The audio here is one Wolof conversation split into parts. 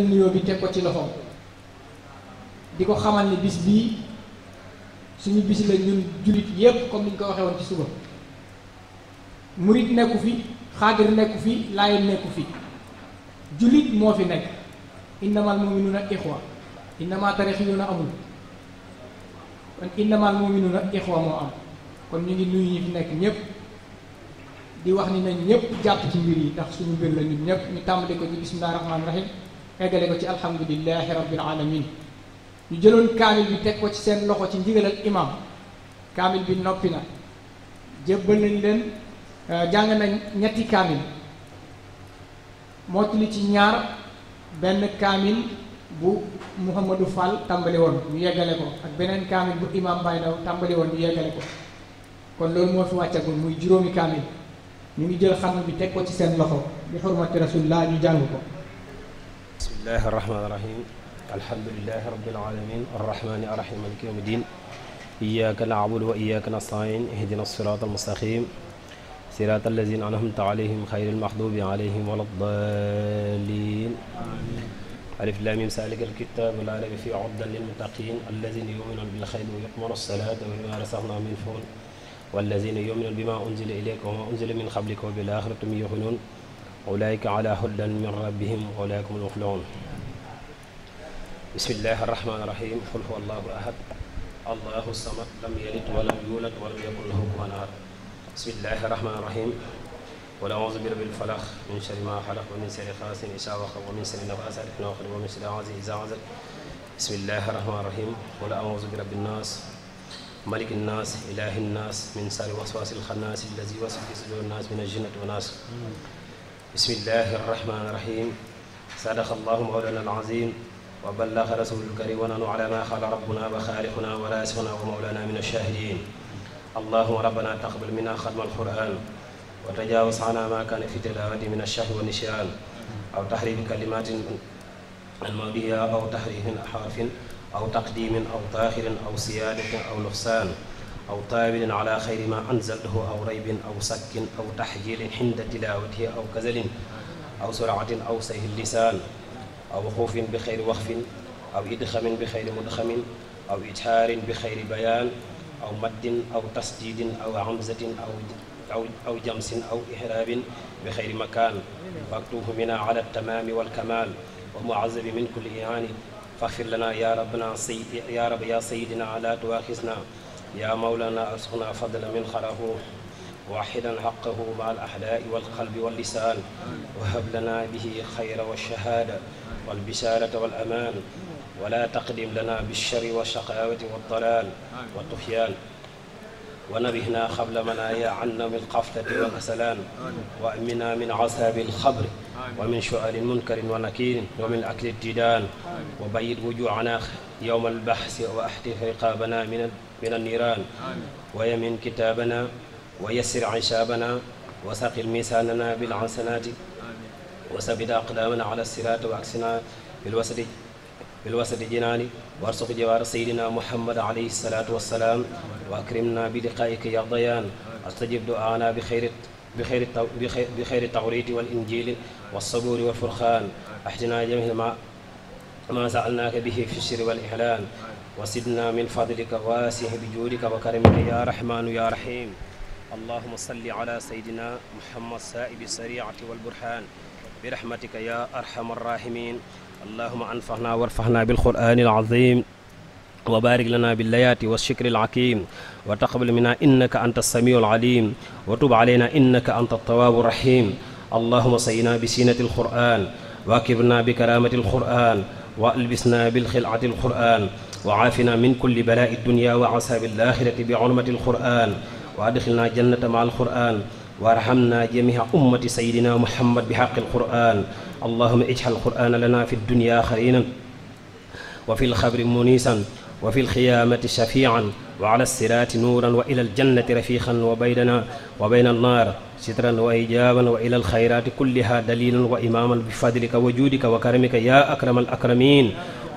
nuyoo bi teg ko ci loxoom di ko xamal ni bis bii suñu bis la ñun jullit yépp comme ni ko waxee woon ci suba murit nekku fi xaadir nekku fi laayeen nekku fi jullit moo fi nekk innamal mu'minuna ixwa innama tarixiyuna amul kon innamal mu'minuna ixwa moo am kon ñu ngi nuyu ñi fi nekk ñépp di wax ni nañ ñépp jàpp ci mbir yi ndax suñu mbir la ñun ñépp ñu tàmbali ko ci bismillah rahmaani rahim eggale ko ci alhamdulillahi rabbil alamin ñu jëloon kaamil bi teg ko ci seen loxo ci ndigalal imam kaamil bi noppi na jébbal nañ leen euh, jàng nañ ñetti kaamil mottali ci ñaar benn kaamil bu Mouhamadou Fall tàmbali woon ñu yeggale ko ak beneen kaamil bu imam Baye na tàmbali woon ñu yeggale ko kon loolu moo fi wàccagul muy juróomi kaamil ñu ngi jël xam bi teg ko ci seen loxo bi xurmati rasulillah ñu jàng ko bismillahi arrahmani irrahim alhamdulilahi rabilalamin arrahmani arrahim malik yawmi din iyaka naabudu wa iyaka nastain ihdina siraat almustaqim siraat allazina an'amta alayhim xayri almaxdubi alayhim wala dalin alif lam mim zalika alkitabu la rayba fihi hudan lilmuttaqin allazina yu'minuna bil xayri wa yuqiimuna as-salata wa mimma razaqnahum yunfiqun wallazina yu'minuna bima unzila ilayka wa ma unzila min qablika wa bil axirati hum yuqinun ulaayika ala hudan min rabbihim wa ulaayika humul muflihun bismillahi arrahmani irrahim qul huwa allahu ahad allahu samad lam yalid walam yulad walam yakun lahu kufuwan ahad bismillahi arrahmani irrahim qul a'uuzu bi rabbil falaq min sharri ma xalaq wa min sharri xaasidin izaa waqab wa min sharri nafaasaati fil uqad wa min sharri haasidin izaa hasad bismillahi arrahmani irrahim qul a'uuzu bi rabbin naas maliki naas ilaahi naas min sharri waswaasil xannaas allazi yuwaswisu fi suduuri naas mina al jinnati wan naas bismillahi arrahmani irrahim sadaqa allahu mawlana alazim wa ballaga rasulul karim wa nanu ala ma xala rabbuna wa xaaliquna wa raasixuna wa mawlana min alshahidin allahuma rabbana taqbal minna xadma alquran wa tajawaz ana ma kana fi tilawati min alshahwi wa nisyan aw tahrif kalimatin almawdiya aw tahrifin harfin aw taqdimin aw taaxirin aw siyaadatin aw nuqsaan aw taawilin ala xayri ma anzaltahu aw raybin aw sakkin aw taxjilin xinda tilaawatihi aw kazalin aw suraatin aw sayhi lisaan aw xuufin bi xayri waxfin aw idxamin bi xayri mudxamin aw ijhaarin bi xayri bayaan aw maddin aw tasdiidin aw hamzatin aw aw aw jamsin aw ihraabin bi xayri makaan faktuuhu mina ala tamaami walkamaal wa muazabi min kulli iaani faxfir lana yaa rabbana sayyid yaa rab yaa sayyidina la tuwaaxisna yaa mawlana arsuqna fadla min xarahu waaxidan xaqahu ma al axdaai walqalbi wallisaan wa hab lana bihi xayra walshahaada walbisaarata walamaan wala taqdim lana bilshari walshaqaawati waddalaal waltuxyaan ونبهنا قبل منايا عنا من قفلة والأسلام وأمنا من عذاب الخبر ومن شؤال منكر ونكير ومن أكل الديدان وبيد وجوعنا يوم البحث وأحتف رقابنا من من النيران ويمن كتابنا ويسر عشابنا وسقل ميساننا بالحسنات وثبت أقدامنا على الصراط وأكسنا بالوسط بالوسط جناني وارزق جوار سيدنا محمد عليه الصلاة والسلام وأكرمنا بلقائك يا ضيان استجب دعانا بخير بخير بخير التوريت والإنجيل والصبور والفرخان أحجنا جميع ما ما سألناك به في الشر والإعلان wasidna min fadlika waasih bi juudika wa karamika ya rahmaanu ya rahim allahuma salli ala sayyidina muhammad saa'ibi sariati walburhan bi rahmatika ya arhama arrahimin allahuma anfahna warfahna bilqur'ani alazim wa barik lana billayati walshikri alhakim wa taqabal minna innaka anta alsamiu alalim wa tub alayna innaka anta altawaabu rahim allahuma sayyina bi siinati alquran wa akirna bi karamati alquran wa albisna bilxilati alquran wa aafina min kulli balaa'i dunya wa asaabi alaaxirati bi xurmati alquraan wa adxilna jannata ma alquraan wa arhamna jamiica ummati sayidina muhammad bi xaqi alquraan allahuma ijxal alquraan lana fi dunya xariinan wa fi lxabri muniisan wa fi lxiyaamati shafiican wa ala siraati nuuran wa ila aljannati rafiiqan wa baynana wa bayna annaar sitran wa ijaaban wa ila alxayraati kulliha daliilan wa imaaman bi fadlika wa juudika wa karamika yaa akrama alakramiin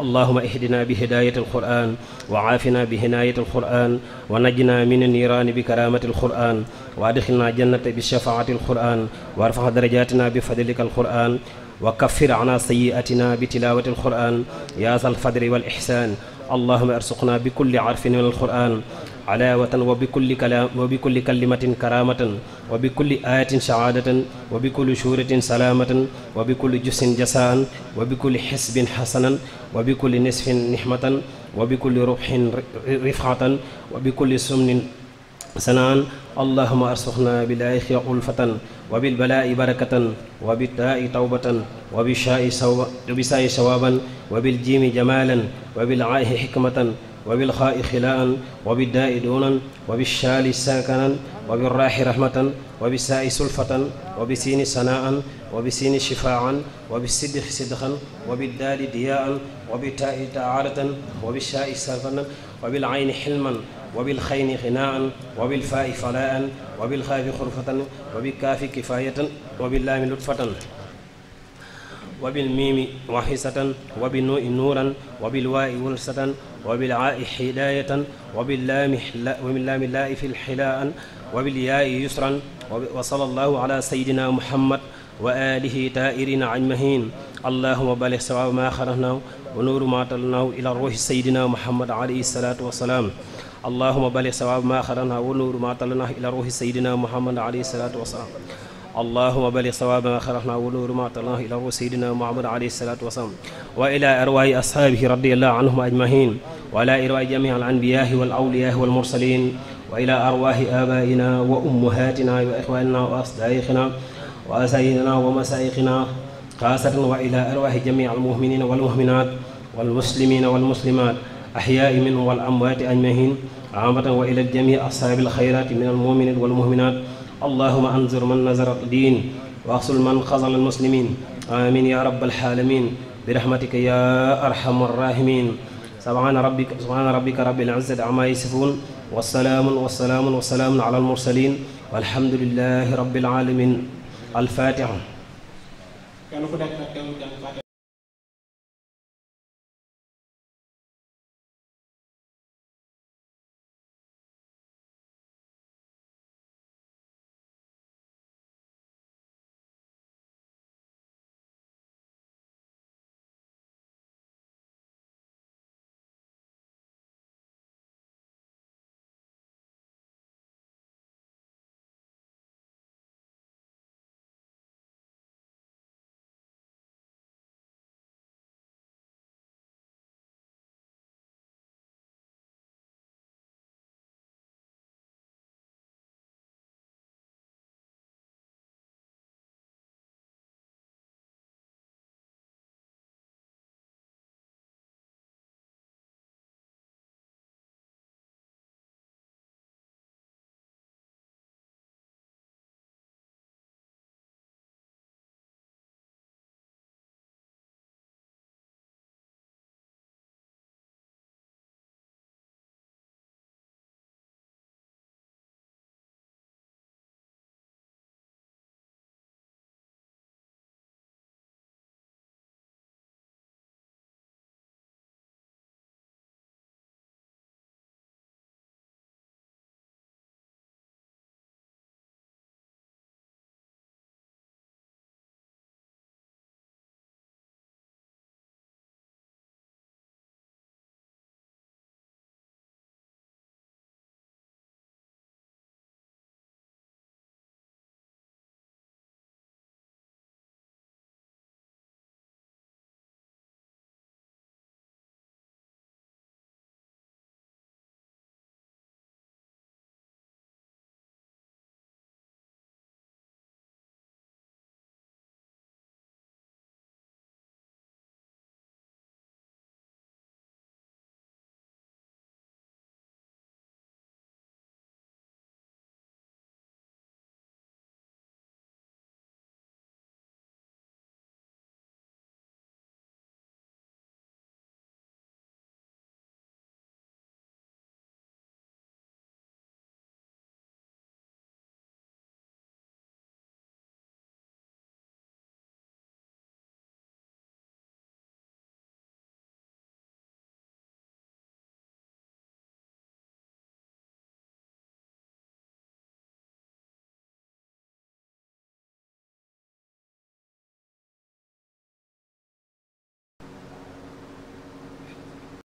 اللهم اهدنا بهداية القرآن وعافنا بهناية القرآن ونجنا من النيران بكرامة القرآن وادخلنا جنة بشفاعة القرآن وارفع درجاتنا بفضلك القرآن وكفر عنا سيئاتنا بتلاوة القرآن يا ذا الفضل والإحسان اللهم ارزقنا بكل عرف من القرآن alaawatan wa bi kulli kalaam wa bi kulli kalimatin karaamatan wa bi kulli aayatin shahaadatan wa bi kulli shuuratin salaamatan wa bi kulli jusin jasaan wa bi kulli xisbin xasanan wa bi kulli nisfin nixmatan wa bi kulli rubxin rifxatan wa bi kulli sumnin sanaan allahuma arsuxna bilaixi ulfatan wa bilbalaa'i barakatan wa bitaa'i tawbatan wa bi shaa'i sawaban wa biljimi jamaalan wa bilaahi xikmatan وبالخاء خلاء وبالداء دونا وبالشال ساكنا وبالراح رحمة وبالساء سلفة وبسين سناء وبسين شفاعا وبالسدخ صدخا وبالدال دياء وبالتاء تعالة وبالشاء سرفا وبالعين حلما وبالخين غناء وبالفاء فلاء وبالخاف خرفة وبالكاف كفاية وباللام لطفة wabil miimi wahisatan wabi nuui nuuran wabil waa'i wulsatan wabil aa'i hidaayatan wabil laami laa'i fil hidaa'an wabil yaa'i yusran wa sallallahu ala sayyidina muhammad wa alihi taa'irina ajmahin allahuma baligh sawaaba maa xarahnahu wa nuuru maa talnaahu ila ruuhi sayyidina muhammad alayhi salaatu wa salaam allahuma baligh sawaaba maa xarahnahu wa nuuru maa talnaahu ila ruuhi sayyidina muhammad alayhi salaatu wa salaam allahuma bali sawaaba ma xalaxna wala ruma talah ilahu sayyidina muhammad alayhi salatu wasalaam wa ila arwaayi ashaabihi radiallahu anhum ajmahin wa ila arwaayi jamii al anbiyahi wal awliyahi wal mursalin wa ila arwaahi abaina wa ummahatina wa ixwanina wa asdaixina wa asayidina wa masaixina xaasatan wa ila arwaahi jamii al muminina wal muminat wal muslimina wal muslimat axyaai minhum wal amwaati ajmahin amatan wa ila jamii ashaabi al xayraati min al muminin wal muminat allahuma anzur man nazara diin waxsul man xasal almuslimin amin ya rabbal alamin bi rahmatika ya arhamar rahimin subhana rabbika subhana rabbika rabbil izzati amma yasifun wasalaamun wasalaamun wasalaamun ala almursalin walhamdulilahi rabbil alamin alfatiha